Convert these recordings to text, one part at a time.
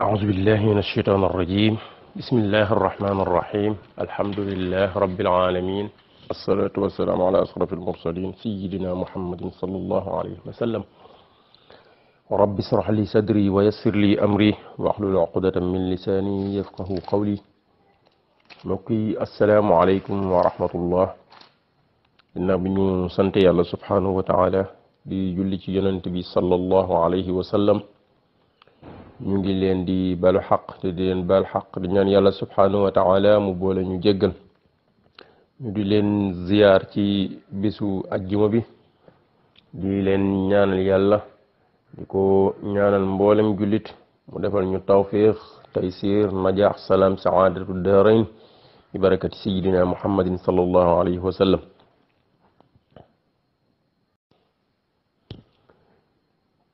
أعوذ بالله من الشيطان الرجيم بسم الله الرحمن الرحيم الحمد لله رب العالمين الصلاة والسلام على أشرف المرسلين سيدنا محمد صلى الله عليه وسلم رب اشرح لي صدري ويسر لي أمري واحلل عقدة من لساني يفقه قولي نقي السلام عليكم ورحمة الله إن من سنتي الله سبحانه وتعالى بجلتي جننت julli ci yonent bi ñu leen di balu xaq te di leen bal xaq di ñaan yàlla subhanahu wa taala mu boole ñu jéggal ñu di leen ziar ci bisu ajjuma bi di leen ñaanal yàlla di ko ñaanal mboolem jullit mu defal ñu tawfiq taysir najaax salaam saadatu daarayn bi barakati sayidina muhammadin sallallahu alayhi wa sallam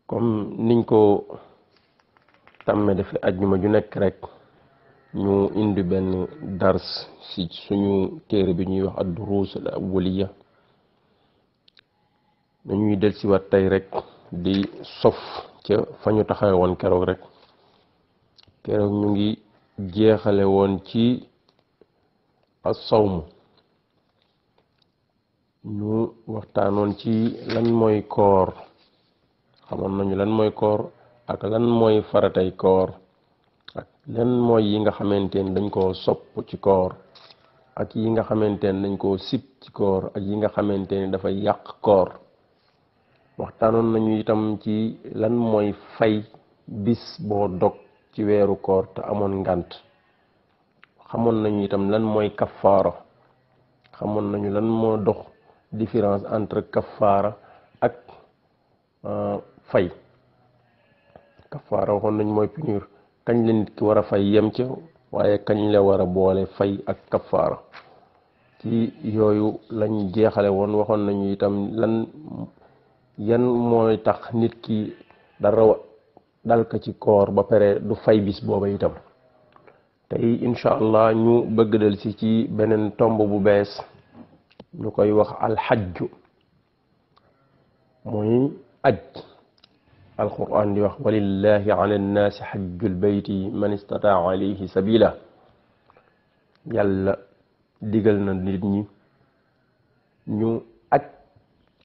comme niñ tàmme def ajjuma ju nekk rek ñu indi benn dars ci suñu téere bi ñuy wax ad-durus al-awwaliya dañuy delsiwaat tey rek di sof ca fa ñu taxawe woon keroog rek keroog ñu ngi jeexale woon ci as-sawm ñu waxtaanoon ci lan mooy koor xamoon nañu lan mooy koor ak lan moy faratay koor ak lan moy yi nga xamante dañ ko sopp ci koor ak yi nga xamante dañ ko sip ci koor ak yi nga xamante dafa yàq koor waxtanon nañu itam ci lan moy fay bis bo dok ci wéru koor ta amon ngant xamone nañu itam lan moy kaffaara xamone nañu lan mo dox différence entre kaffaara ak euh, fay kafaara waxoon nañ mooy punir kañ la nit ki war a fay yem ca waaye kañ la war a boole fay ak kafaara ci yooyu lañ jeexale woon waxoon nañu itam lan yan mooy tax nit ki dara dal ko ci koor ba pare du fay bis booba itam tey incha allah ñu bëgg dal si ci beneen tomb bu bees ñu koy wax alxajju mooy aj alquran di wax walillahi ala nnaasi xajjul bayti man istataa alayhi sabila yàlla digal na nit ñi ñu aj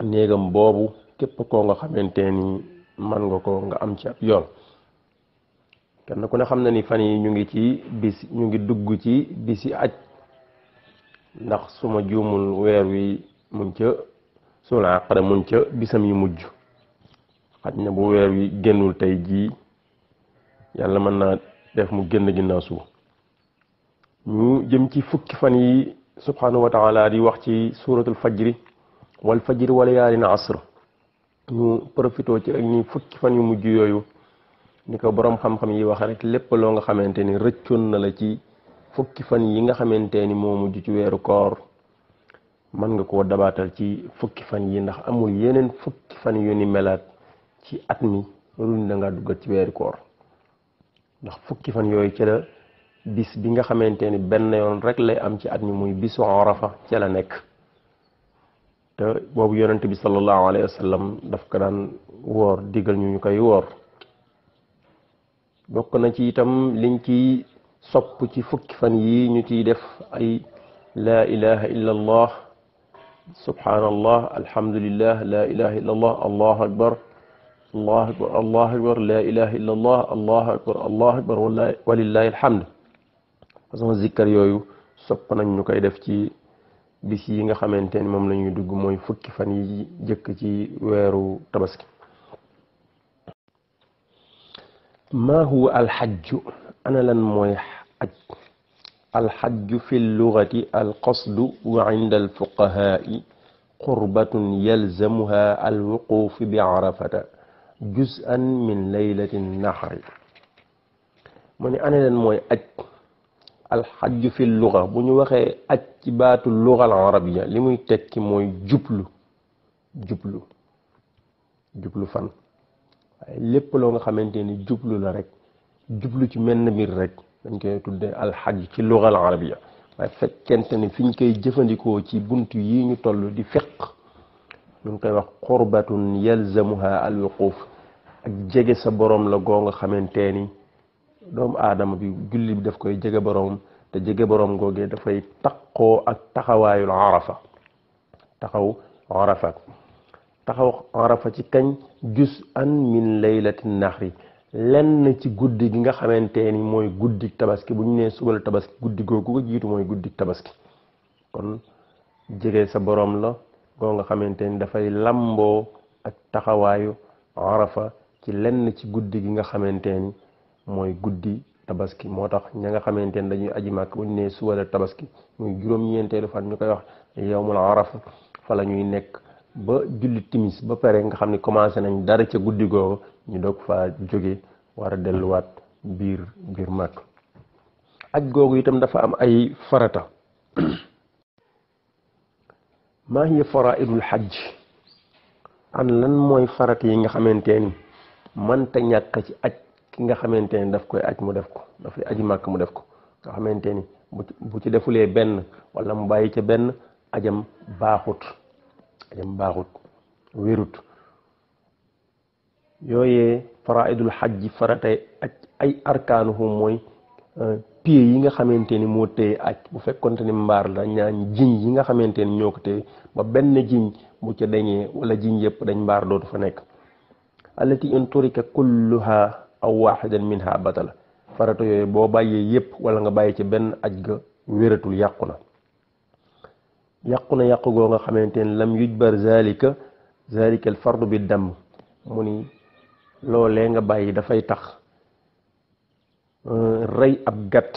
néegam boobu képp koo nga xamante ni man nga ko nga am ci ab yoon kenn ku ne xam na ni fan yi ñu ngi ci bis ñu ngi dugg ci bisi aj ndax suma juumul weer wi mun ca suul aqara mun ca bisam yi mujj xaj na bu wer wi gennul tay ji yalla man na def mu genn ginnaaw su ñu jëm ci fukki fan yi subhanahu wa taala di wax ci suratul fajr wal fajr wal yaalin asr ñu profito ci ak ñi fukki fan yu mujj yoyu ni ko borom xam-xam yi wax rek lepp lo nga xamanteni ni na la ci fukki fan yi nga xamanteni mo mujj ci weeru koor man nga ko dabatal ci fukki fan yi ndax amul yenen fukki fan yu ni melat ci at mi warul da ngaa duggat ci weeru koor ndax fukki fan yooyu ca bis bi nga xamante ni benn yoon rek lay am ci at mi muy bisu Arafa ca la nekk te boobu yonent bi sallallahu alayhi wa daf ko daan woor digal ñu ñu koy woor bokk na ci itam liñ ci sopp ci fukki fan yi ñu ciy def ay laa ilaha illa allah subhanallah alhamdulillah الله أكبر الله أكبر لا إله إلا الله الله أكبر الله أكبر ولله الحمد فسما الذكر يويو سبنا نيو كاي داف تي بيس ييغا خامتيني موم لا نيو دوغ موي فوكي فان جيك تي ويرو تباسكي ما هو الحج انا لن موي حج الحج في اللغه القصد وعند الفقهاء قربة يلزمها الوقوف بعرفه جزءا من ليلة النحر من أنا لن موي أج الحج في اللغة بني وخي أجبات اللغة العربية لمي تكي موي جبلو جبلو جبلو فن لپ لوغا خامنتيني جبلو لا رك جبلو تي مين مير رك دنجي تودي الحج في اللغة العربية واي فكنتني فين كاي جيفانديكو تي بونتو يي ني تولو دي فق نون كاي واخ قربة يلزمها الوقوف ak jege sa borom la goo nga xamante ni doomu aadama bi julli bi koy jege borom te jege borom googee dafay taqoo ak taxawaayul arafa taxaw arafa ci kañ jus an min laylati lenn ci guddi gi nga xamante ni mooy guddi tabaski bu nee suba la guddi googu ko mooy guddi tabaski kon sa borom la goo nga xamante ni dafay lamboo ak taxawaayu arafa ci lenn ci guddi gi nga xamante ni mooy guddi tabaski moo tax ña nga xamante ni dañuy aji màkk bu ñu nee suba la tabaski muy juróom-ñeenteelu fan ñu koy wax yowmul arafa fa la ñuy nekk ba julli timis ba pare nga xam ne commencé nañ dara ca guddi googu ñu dog fa jóge war a delluwaat biir biir màkk aj googu itam dafa am ay farata maa hiya faraidul xajj mooy farata yi nga xamante ni mënta ñàkk ci aj ki nga xamante ni daf koy aj mu def ko dafay aji màkk mu def ko nga xamante ni bu ci defulee benn wala mu bàyyi ca benn ajam baaxut ajam baaxut wérut yooyee faraidul xajji faratay aj ay arkaanuhu mooy euh, pied yi nga xamante ni moo téye aj bu fekkonte ni mbaar la ñaan jiñ yi nga xamante ni ñoo ko téye ba benn jiñ bu ca dañee wala jiñ yëpp dañ mbaar dootu fa nekk allati in turika kulluha aw waxidan minha batala yooyu boo bàyyee yépp wala nga bàyyi ci benn aj ga wératul yàqu na yàqu na yàqu goo nga xamante ne lam yujbar zalika zalika al fardu bi dam mu ni loolee nga bàyyi dafay tax euh, rey ab gàtt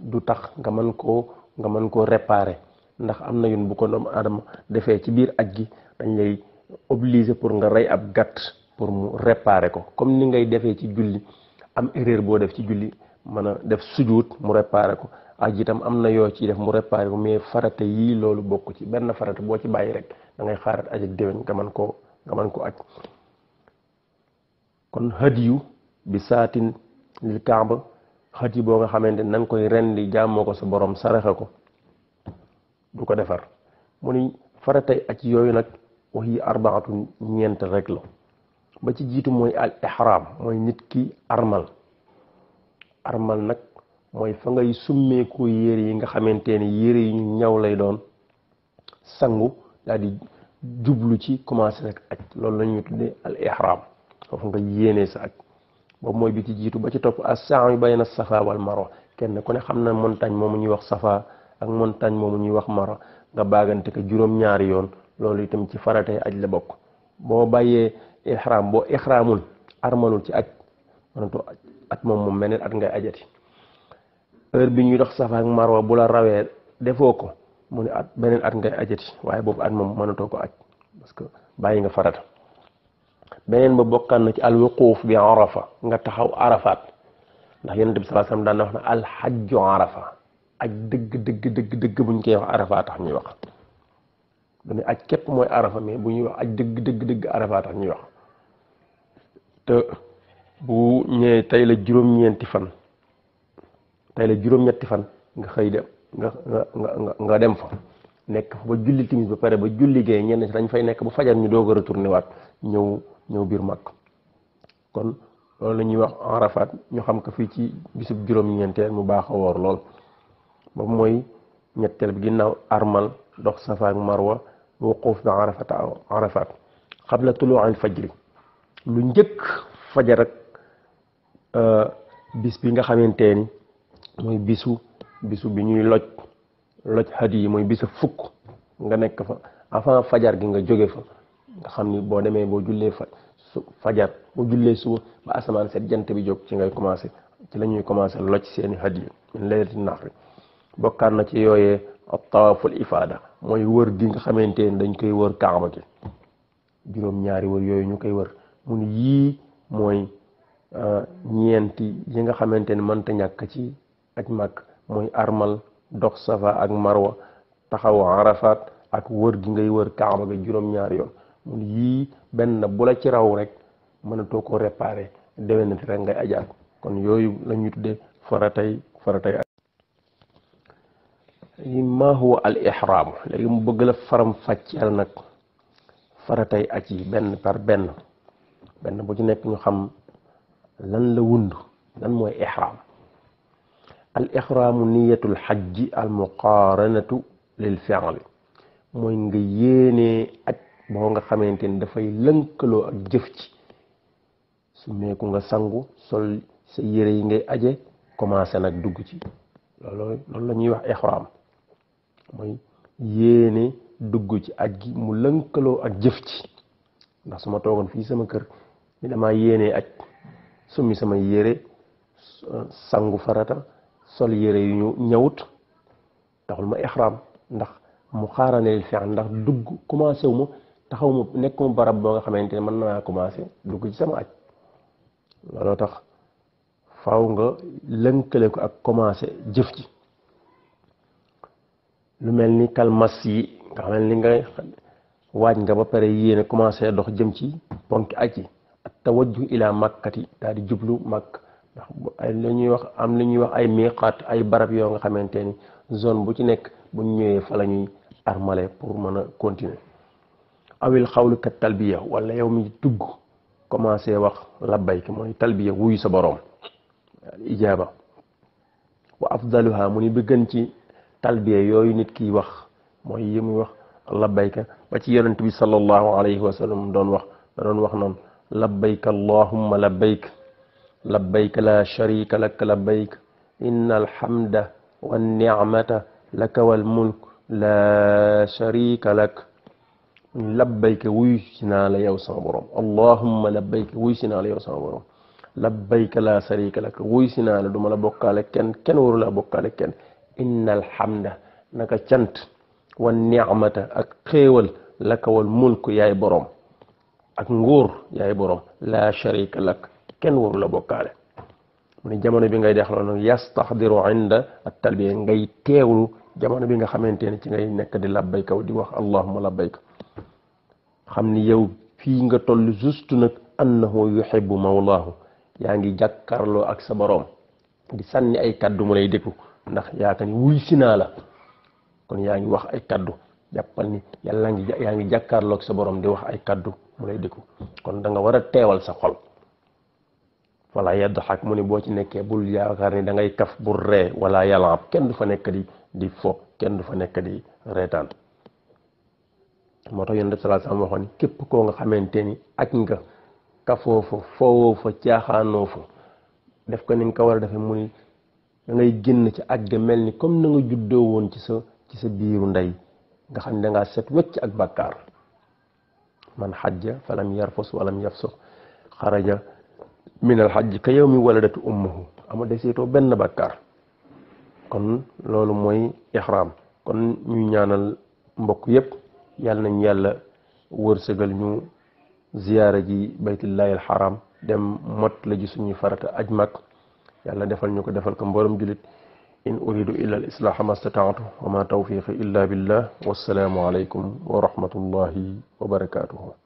du tax nga mën koo nga mën koo réparer ndax am na yoon bu ko doomu adama defee ci biir aj gi dañ lay obligé pour nga rey ab gàtt pour mu réparer ko comme ni ngay defee ci julli am erreur boo def ci julli mën a def sujuut mu réparer ko aj itam am na yoo ciy def mu réparer ko mais farata yii loolu bokk ci benn farata boo ci bàyyi rek da ngay xaarat aj ak déwén nga mën koo nga mën ko aj kon hadiyu bi saatin lil kaaba xat yi boo nga xamante na nga koy rendi jàmmoo ko sa borom saraxa ko du ko defar mu ni faratay aj yooyu nag wax yi arbaatun ñeent rek la ba ci jiitu mooy al ihram mooy nit ki armal armal nag mooy fa ngay summeeku yére yi nga xamante ni yére yi ñu ñaw lay doon sangu daal di jublu ci commencé nag aj loolu la ñuy tuddee al ihram foofu nga yéenee sa aj boobu mooy bi ci jiitu ba ci topp as-sa'yu bay as-safa wal marwa kenn ku ne xam na montagne moomu ñuy wax safa ak montagne moomu ñuy wax marwa nga baagante ko juróom-ñaari yoon loolu itam ci faratee aj la bokk boo bàyyee ihram boo ihramul armanul ci aj manatoo at moom moom meneen at ngay ajati bi ñuy dox safa ak bu la rawee defoo ko mu ne at beneen at ngay ajati waaye boobu at moom mënatoo ko aj parce que bàyyi nga farata beneen ba bokkaan na ci alwuquuf bi arafa nga taxaw arafaat ndax yonent bi sallallahu alayhi wasallam daan na wax ne alxajju arafa aj dëgg dëgg dëgg dëgg bu ñu koy wax arafa tax ñuy wax dañuy aj képp mooy arafa mais bu ñuy wax aj dëgg dëgg dëgg arafa tax ñuy wax te bu ñëwee tey la juróom-ñeenti fan tey la juróom-ñetti fan nga xëy dem nga nga nga dem fa nekk fa ba julli timis ba pare ba julli gee ñenn ci dañ fay nekk ba fajar ñu doog a retourné waat ñëw ñëw biir màkk kon loolu la ñuy wax arafaat ñu xam ko fii ci bisub juróom-ñeenteel mu baax a woor lool boobu mooy ñetteel bi ginnaaw armal dox safa ak marwa wuquuf bi arafat arafaat xabla al fajri lu njëkk fajar ak euh, bis bi nga xamante ni mooy bisu bisu bi ñuy loj loj xat yi mooy bisu fukk nga nekk fa avant fajar gi nga jóge fa nga xam ni boo demee boo jullee fa su fajar boo jullee suba ba asamaan set jant bi jóg ci ngay commencé ci la ñuy commencé loj seeni xat yi min nax nahri bokkaat na ci yooyee ab tawaaful ifaada mooy wër gi nga xamante ni dañ koy wër kaaba gi juróom ñaari wër yooyu ñu koy wër mu yii mooy euh, ñeenti yi nga xamante ne mënta ñàkk ci aj màkk mooy armal dox safa ak marwa taxaw arafat ak wër gi ngay wër kaaba ga juróom-ñaar yoon mu yii benn bu la ci raw rek mënatoo koo réparé déwénati rek ngay ajaat kon yooyu lañuy ñuy tuddee faratay bëgg la faram fàcceel nag faratay aj yi benn par benn benn bu ci nekk ñu xam lan la wund lan mooy ixraam al ixraamu niyatul xajji al muqaaranatu lil fi'li mooy nga yéenee aj boo nga xamante ni dafay lënkaloo ak jëf ci su meeku nga sangu sol sa yére yi ngay aje commencé nag dugg ci loolu loolu la ñuy wax ixraam mooy yéene dugg ci aj gi mu lënkaloo ak jëf ci ndax su ma toogoon fii sama kër ni dama yéenee aj summi samay yére sangu farata sol yére yu ñu ñawut taxul ma ihram ndax mu xaaraneel fi ndax dugg commencé wu ma taxaw ma nekk mu barab boo nga xamante ni mën naa commencé dugg ci sama aj looloo tax faw nga lënkale ko ak commencé jëf ci lu mel ni kalmas yi nga xam ne nga waaj nga ba pare yéene commencé dox jëm ci ponk aj yi tawajjuh ila makkati daal di jublu makk ndax la ñuy wax am la ñuy wax ay miqaat ay barab yoo nga xamante ni zone bu ci nekk bu ñu ñëwee fa la ñuy armale pour mën a continuer awil xawlu kat talbiya wala yow mi tugg commencé wax labbayk mooy talbiya wuyu sa boroom ijaaba wa afdaluha mu ni bi gën ci talbiya yooyu nit kiy wax mooy yi muy wax labbayka ba ci yonent bi sallallahu alayhi wa sallam doon wax da doon wax noonu labbayk allahumma labbayk labbayk la sharika lak labbayk inna alhamda wannicmata laka walmulk la sharika lak labbayk wuy si naa la yow sama borom allahumma labbayk wuy si naa la yow sama borom labbayka la sharika lak wuy si naa la duma la bokkaale kenn kenn waru laa bokkaale kenn inna na naka cant wa nicmata ak xéewal laka wal mulk yaay borom ak nguur yaay borom la sharika lak kenn waru la bokkaale mu ne jamono bi ngay dex loolu nag yastaxdiru inda ngay teewlu jamono bi nga xamante ne ci ngay nekk di labbayka di wax allahumma labbayka xam ni yow fii nga toll juste nag annahu yuhibbu mawlaahu yaa ngi jàkkaarloo ak sa borom di sànni ay kaddu mu lay déglu ndax yaakaar ni wuy si naa la kon yaa ngi wax ay kaddu jàppal ni yàlla ngi yaa ngi jàkkaarloo ak sa borom di wax ay kaddu mu diku kon da nga wara tewal sa xol wala yad hak muni bo ci nekké bul yaakaar ni da ngay kaf bur ré wala yalaab kenn du fa nekk di di fo kenn du fa nekk di reetaan moto yeen yonent salat salaa salaam kep ko nga xamanteni ak nga kafoo fa foowoo fa def ko ni nga ko war a defee da ngay genn ci ag ga melni ni comme na nga juddoo woon ci sa ci sa biiru nday nga xamne da set wacc ak bakkar man xaj falam yarfus walam yafsuq xaraja min al mi wala yawmi waladatu ummuhu amul deseetoo benn bakkaar kon loolu mooy ixraam kon ñu ñaanal mbokk yépp yàlla nañ yàlla wërsëgal ñu ziyaara ji baytullahi al xaram dem mot la ji suñuy farata aj mag yàlla defal ñu ko defal ko mboolem jullit إن أريد إلا الإصلاح ما استطعت وما توفيقي إلا بالله والسلام عليكم ورحمة الله وبركاته